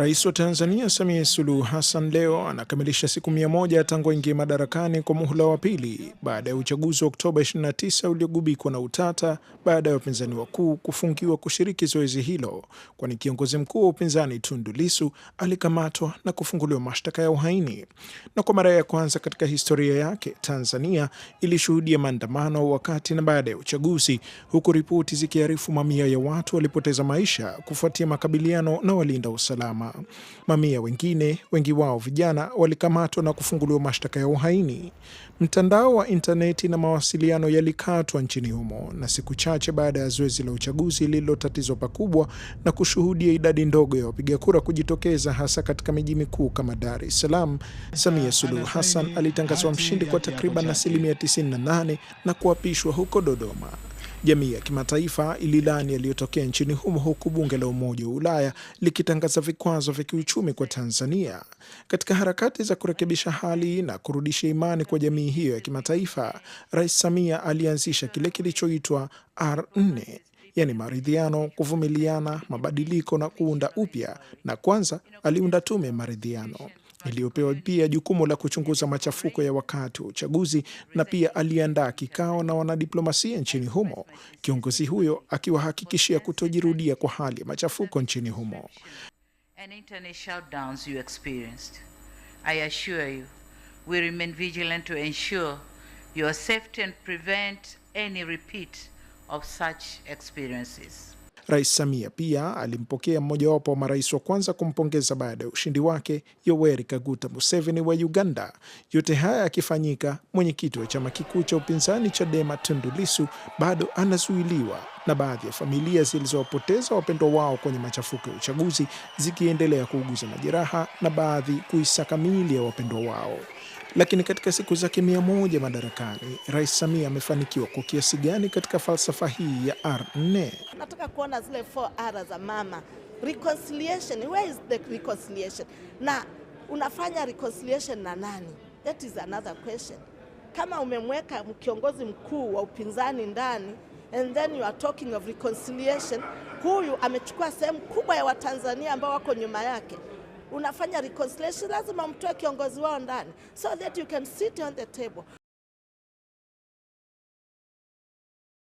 Rais wa Tanzania Samia Suluhu Hassan leo anakamilisha siku mia moja tangu aingie madarakani kwa muhula wa pili baada ya uchaguzi wa Oktoba 29 uliogubikwa na utata baada ya wapinzani wakuu kufungiwa kushiriki zoezi hilo, kwani kiongozi mkuu wa upinzani Tundu alikamatwa na kufunguliwa mashtaka ya uhaini. Na kwa mara ya kwanza katika historia yake, Tanzania ilishuhudia maandamano wakati na baada ya uchaguzi, huku ripoti zikiarifu mamia ya watu walipoteza maisha kufuatia makabiliano na walinda usalama. Mamia wengine, wengi wao vijana, walikamatwa na kufunguliwa mashtaka ya uhaini. Mtandao wa intaneti na mawasiliano yalikatwa nchini humo, na siku chache baada ya zoezi la uchaguzi lililotatizwa pakubwa na kushuhudia idadi ndogo ya wapiga kura kujitokeza, hasa katika miji mikuu kama Dar es Salaam, Samia ah, Suluhu Hassan alitangazwa mshindi kwa takriban asilimia 98 na kuapishwa huko Dodoma. Jamii ya kimataifa ililani yaliyotokea nchini humo huku bunge la Umoja wa Ulaya likitangaza vikwazo vya kiuchumi kwa Tanzania katika harakati za kurekebisha hali na kurudisha imani kwa jamii hiyo ya kimataifa. Rais Samia alianzisha kile kilichoitwa R4 yaani maridhiano, kuvumiliana, mabadiliko na kuunda upya, na kwanza aliunda tume ya maridhiano iliyopewa pia jukumu la kuchunguza machafuko ya wakati wa uchaguzi na pia aliandaa kikao na wanadiplomasia nchini humo, kiongozi huyo akiwahakikishia kutojirudia kwa hali ya machafuko nchini humo. any repeat of such experiences. Rais Samia pia alimpokea mmojawapo wa marais wa kwanza kumpongeza baada ya ushindi wake Yoweri Kaguta Museveni wa Uganda. Yote haya yakifanyika, mwenyekiti wa chama kikuu cha upinzani Chadema Tundu Lissu bado anazuiliwa na baadhi ya familia zilizowapoteza wapendwa wao kwenye machafuko ya uchaguzi zikiendelea kuuguza majeraha na baadhi kuisaka miili ya wapendwa wao. Lakini katika siku zake mia moja madarakani, Rais Samia amefanikiwa kwa kiasi gani katika falsafa hii ya R4? Nataka kuona zile 4R za mama reconciliation. Where is the reconciliation? Na unafanya reconciliation na nani? That is another question. Kama umemweka kiongozi mkuu wa upinzani ndani and then you are talking of reconciliation. Huyu amechukua sehemu kubwa ya Watanzania ambao wako nyuma yake. Unafanya reconciliation, lazima mtoe kiongozi wao ndani so that you can sit on the table.